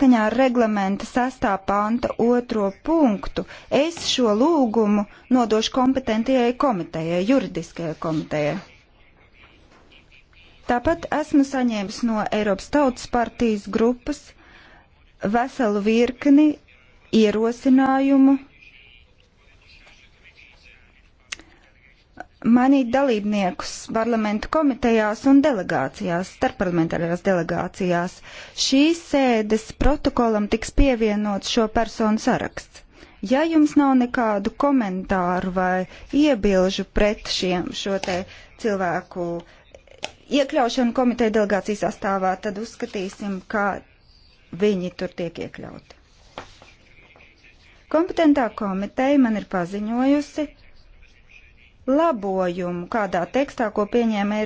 saskaņā ar reglamenta 6. panta otro punktu es šo lūgumu nodošu kompetentajai komitejai, juridiskajai komitejai. Tāpat esmu saņēmis no Eiropas Tautas partijas grupas veselu virkni ierosinājumu manīt dalībniekus parlamentu komitejās un delegācijās, starpparlamentārajās delegācijās. Šīs sēdes protokolam tiks pievienots šo personu saraksts. Ja jums nav nekādu komentāru vai iebilžu pret šiem šo te cilvēku iekļaušanu komiteja delegācijas sastāvā, tad uzskatīsim, kā viņi tur tiek iekļauti. Kompetentā komiteja man ir paziņojusi, labojumu kādā tekstā, ko pieņēma